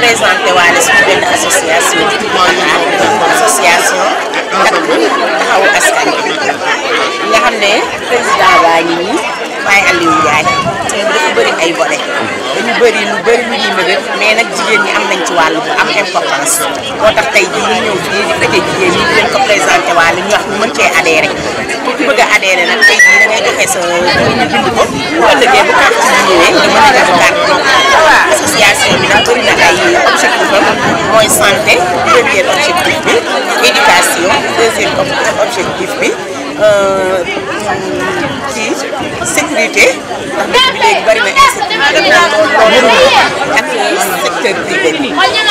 représenté waale suñu benn association nga xam ne président baa ngi nii maay Aliou Ndiaye tey dafa bëri ay volets dañu bëri lu bëri lu ñuy mébét mais nag jigéen ñi am nañ ci wàllu bu am importance moo tax tey jii ñu ñëw fii di fekkee jigéen ñi di ko présenté waale ñu wax ñu mën cee adhéré ku ci bëgg a nag tey jii da ngay joxe sa ñu bind ko bu ëllëgee bu carte bi ñëwee nga mën a def carte santé premier objectif bi éducation deuxième objectif bi ci euh, sécurité ndax dëkk bi léegi bari na insécurité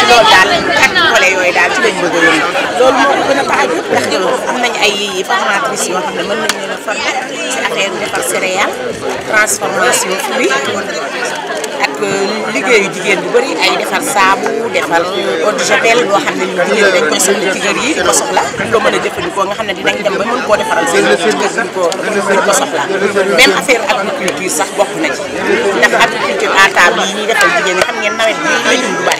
loolu daal ak volet yooyu daal ci lañ bëgg a loolu moo ko gën a tax a am nañ ay yii formatrice yoo xam ne mën nañu leen a former ci affaire defar céréales transformation fruits liggéeyu jigéen bu bëri ay defar saabu defar eau de javel loo xam ne ñu jigéen dañ koy soxla ci kër yi di soxla loo mën a jëfandikoo nga xam ne dinañ dem ba mën koo defaral seen di ko di ko soxla agriculture sax bokk na ci agriculture à yi ñuy defal jigéen ñi xam ngeen nawet bi légume bu baax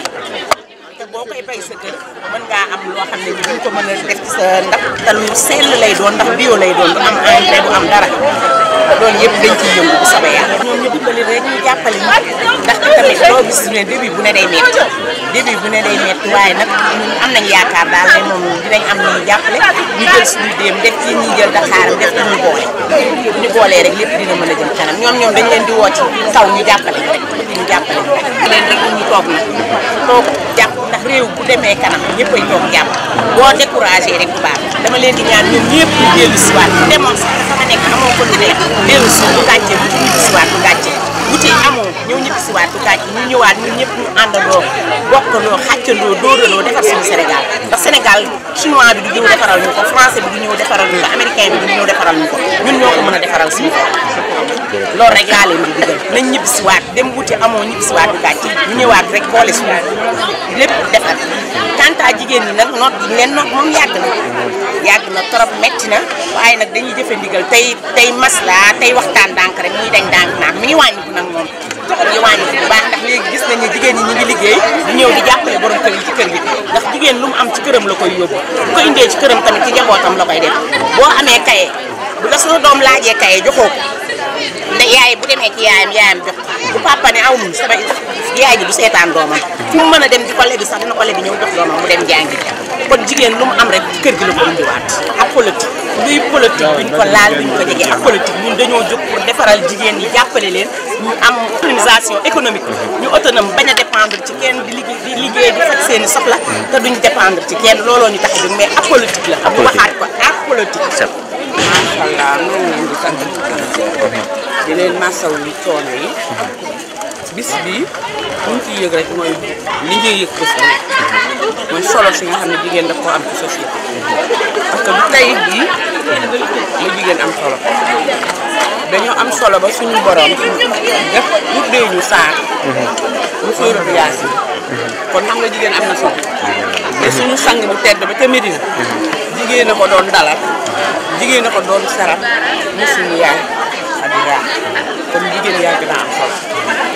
boo koy bay sa kër mën ngaa am loo xam ne dañ ko mën a def ci sa ndax te sell lay doon ndax bio lay doon du am am dara loolu yëpp dañ ciy yëngu bu sama yàlla. ñoom ñu ndax tamit loo gis ne début bu ne day métti début bu ne day métti waaye nag am nañ yaakaar daal ne moom dinañ am ñu jàppale ñu jël suñu déem def ci ñuy jël daxaaram def ci ñu boole boolee rek lépp dina mën a jëm kanam ñoom ñoom dañ leen di woo kaw ñu jàppale ñu rek ñu jàppale ñu rek leen ñu toog jàpp réew bu demee kanam ñëpp ay boo découragé rek bu dama leen di ñaan ñun ñëpp ñu dellu si waat bu demoon sax dafa nekk amoo ko lu nekk dellu si bu gàcce bu ci ñu si waat bu gàcce bu ñëw ñibbi si waat Pikine ñu ñëwaat ñun ñëpp ñu àndandoo bokkandoo xàccandoo dóorandoo defar suñu Sénégal ndax senegal chinois bi du ñëw defaral ñu ko français bi du ñëw defaral ñu ko américain bi du ñëw defaral ñu ko ñun mën a defaral suñu loolu rek laa leen di digal nañ ñibbi si dem wuti amoo ñibbi si waat Pikine ñu ñëwaat rek boole suñu lépp defar quant jigéen ñi nag noot leen noot moom yàgg na yàgg na trop metti na waaye nag dañuy jëfe ndigal tey tey masla tey waxtaan dànk rek muy mi ngi wàññiku nag moom ñu wàññi bu baax ndax léegi gis nañu jigéen ñi ñu ngi liggéey di ñëw di jàppale borom kër yi ci kër gi ndax jigéen lu mu am ci këram la koy yóbbu bu ko indee ci këram tamit ci njabootam la koy def boo amee kaye bu la sunu doom laajee kaye joxoo ko ne yaay bu demee ci yaayam yaayam jox bu papa ne aw mun sama yaay ji du seetaan doomam fu mu mën a dem di ko lebi sax dina ko lebi ñëw jox doomam mu dem jàngi kon jigéen lu mu am rek ci kër gi la ko indiwaat luy politique duñ ko laal duñ ko jege ak politique mun dañoo jóg pour defaral jigéen ñi jàppale leen ñu am autonomisation économique ñu autonome bañ a dépendre ci kenn di liggéey di liggéey seeni faj seen i soxla te duñ dépendre ci kenn looloo ñu tax a jóg mais ak politique la ñu waxaat ko ak politique macha allah noonu di sant di mhm. leen masaw li coono yi mhm. bis bii li ñu yëg rek mooy li yëg bés bu mooy solo si nga xam ne jigéen daf koo am ci société parce que bu tey bii la jigéen am solo dañoo am solo ba suñu borom def tuddee ñu saar mu sóoratu yaasin kon xam nga jigéen am na solo te suñu sang bu tedd ba ca Medina jigéen na ko doon dalal jigéen na ko doon saral mu suñu yaay Adja kon jigéen yàgg naa am solo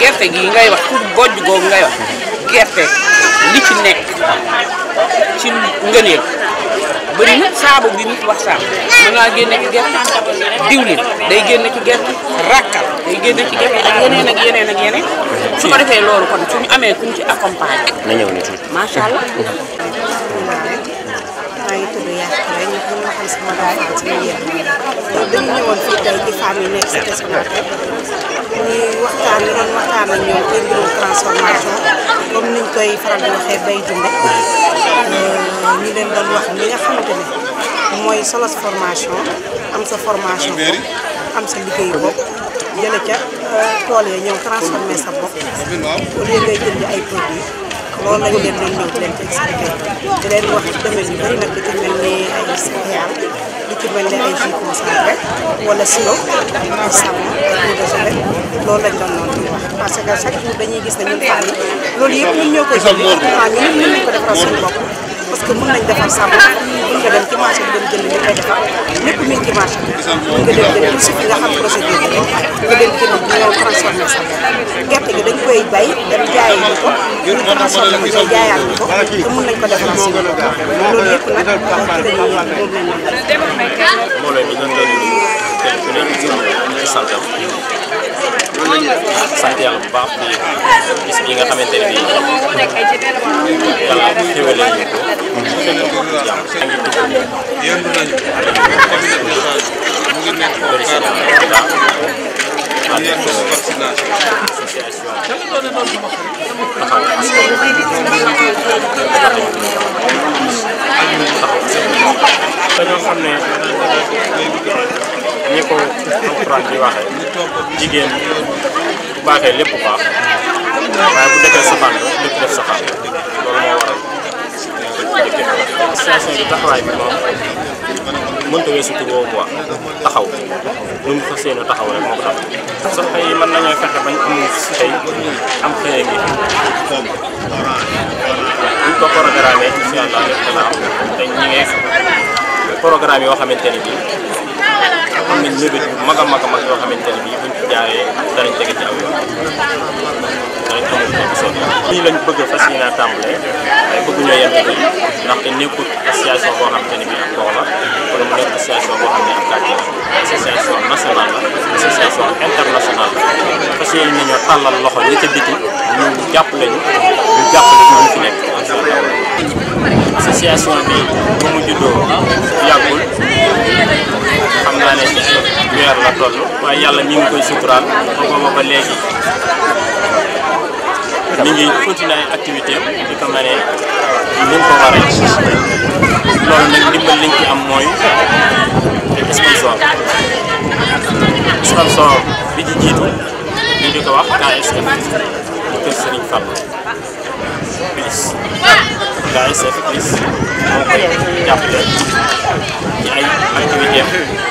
gerte gi ngay wax pour gojj googu ngay wax gerte li ci nekk ci ngëneel bëri na saabu bi nit wax saabu mën naa génne ci gerte diwlin day génne ci gerte rakkal day génne ci gerte ak yeneen ak yeneen ak yeneen su ko defee loolu kon suñu amee kuñ ci accompagner. na ñëw nit yi macha allah. Mm-hmm. ñuy waxtaan ñu doon waxtaan ak ñoom transformation comme niñ koy faral di waxee bay euh, ñu leen doon wax li nga xamante ne mooy solos formation am sa formation am sa liggéeyu bopp jële ca euh, tool ya ñëw transformé sa bopp au lieu ngay jënd ay produits loolu lañu leen doon ñëw di leen wax domaine yu bëri nag ci mel ni ay spécial lu ci mel ne ay jus concentré wala sirop ak savon ak eau de javel loolu lañ doon noonu wax parce que chaque jour dañuy gis ne ñun femmes yi loolu yëpp ñun ñoo koy jënd waaw ñun ñëpp mën nañ ko defaral suñu bopp parce que mën nañ defar savon nga dem ci marché bi dem jënd ñu koy defar lépp mi ngi ci marché bi nga dem jënd ci fi nga xam procédure bi nga dem jënd ñu ñëw transformé sa gerte gi dañ koy bay dem jaayi ñu ko ñu transformé mu ñëw jaayaat ñu ko te mun nañ ko defaraat si loolu yëpp nag moo leen di gën a sant sant yàlla bu baax ci gis bi nga xamante ne bii voilà teewee nañu ko. dañoo xam ne ni ko alxuraan bi waxee jigéen bu baaxee lépp baax waaye bu defee safaan ba lépp def safaan loolu moo waral association bi taxawaay bi moom mënta weesu taxaw lu mu fas taxaw rek moo ko tax soxna yi mën am xëy am xëy gi programme incha allah lépp dana am te ñi programme yoo xamante ne bii am nañ mébét bu mag a mag a mag yoo xamante ne bii buñ ci jaaree danañ tege ci aw yoon danañ amul nekk seen yoon lii lañ bëgg fas yéene a tàmbalee bëgguñoo yem ci ndaxte nekkul association boo xamante ne bii ak gox la wala mu nekk association boo xam ne ak kàcce la association nationale la association internationale la fas yéene nañoo tàllal loxo ñi ca biti ñu jàpp lañu ñu jàpp lañu ñu fi nekk association bi ba mu juddoo yàggul xam naa ne ci weer la toll waaye yàlla ñu ngi koy suturaal ba booba ba léegi mi ngi continué am di ni ko waree ñu di ko wax KSF di kër Serigne Fall koy jàppale ci ay activité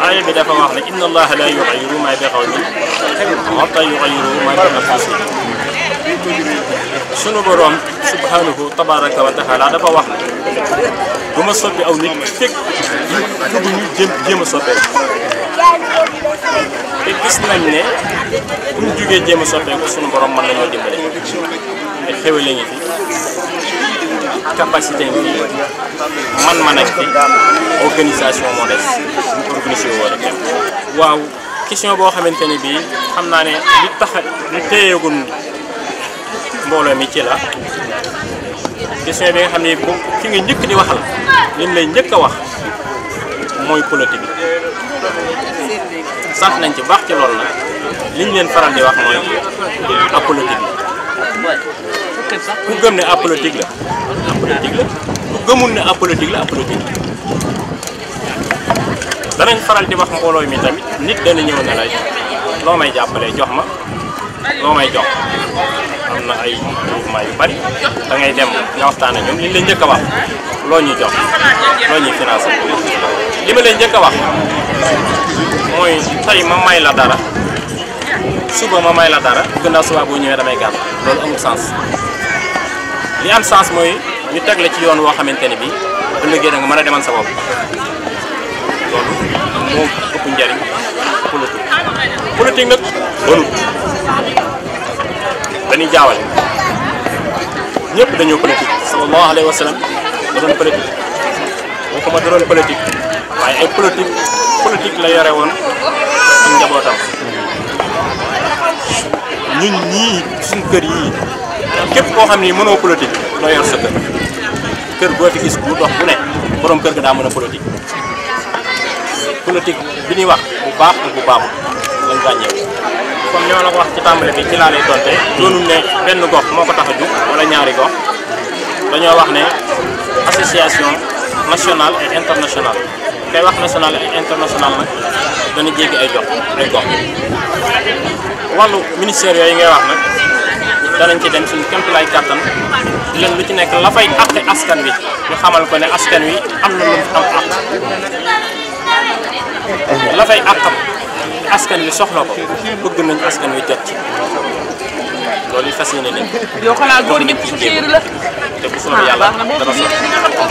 aaya bi dafa wax ne inna allaha la yughayyiru ma bi qawmin ma bi anfusihim sunu boroom subhanahu tabaraka wa taala dafa wax ne du ma soppi aw nit fekk ñu jéem jéem a soppeeku te gis nañ ne bu ñu jógee jéem a soppeeku sunu boroom mën nañoo dimbale te xéwale ngi fi capacité am man ma ak fi organisation moo des bu organisé woo rek waaw question boo xamante ne bii xam naa ne li tax li téyeegum mbooloo mi ci la question bi nga xam ne ki nga njëkk di waxal liñ lay njëkk a wax mooy politique bi nañ ci baax ci loolu nag liñ leen faral di wax mooy apolitique bi ku gëm ne apolitique la apolitique la ku faral di wax mbooloo mi tamit nit dana ñëw ne la loo may jàppalee jox ma loo may jox am na ay groupement yu bari da ngay dem nga waxtaan ak ñoom li la njëkk a wax loo ñuy jox loo ñuy financé li ma leen njëkk a wax mooy tey ma may la dara suba ma may la dara gannaaw suba boo ñëwee damay gàtt loolu amul sens. li am sens mooy ñu teg ci yoon woo xamante ne bi bu liggéey da nga mën a demal sa bopp loolu moo ëpp njariñ politique. politique nag bonut dañuy jaawale ñëpp dañoo politique. sallallahu alayhi wa sallam da doon politique waxuma da doon politique waaye ay politique la yore woon ak njabootam ñun ñii suñu kër yii. képp koo xam ni mënoo politique doo yor sa kër kër boo fi gis bu dox bu ne borom kër ga daa mën a politique politique bi ñuy wax bu baax ak bu baaxul lañ ràññeeku. comme ñoo la ko wax ci tàmbali bi ci laa lay tonte ne benn gox moo ko tax a jug wala ñaari gox dañoo wax ne association nationale et internationale kay wax nationale et internationale nag dana jéggi ay jox ay gox wàllu ministère yooyu ngay wax nag. danañ ci dem suñu kéemtulaay kàttan di leen lu ci nekk la fay àqi askan wi ñu xamal ko ne askan wi am na lu mu am àq la askan wi soxla ko bëgg nañ askan wi jot ci loolu yi fas yéene nañ ko. xanaa góor ñëpp su séeru la. te bu soobee yàlla ah, dana soxla.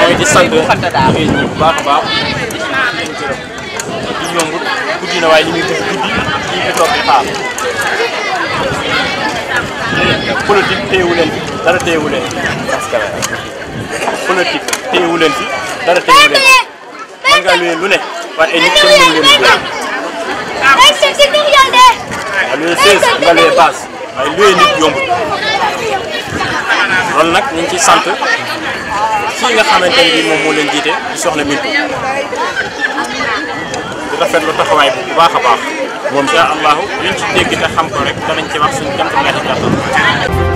mooy di sant bu baax a baax. di yombut guddi na waaye li muy guddi kii bi toog di xaar. politique téyewu leen fi dara téyewu leen parce que politique téyewu leen fi dara téyewu leen fi mën ngaa luye lu ne waaye ay nit kenn mënu leen luye. waaw luye 16 nga luye base waaye luye nit yombul loolu nag ñu ngi ciy sant fii nga xamante ne bii moom moo leen jiite di soxla mbir mi di rafetlu taxawaay bu baax a baax. moom incha allahu liñ ci dégg te xam ko rek danañ ci wax suñu gàncax gi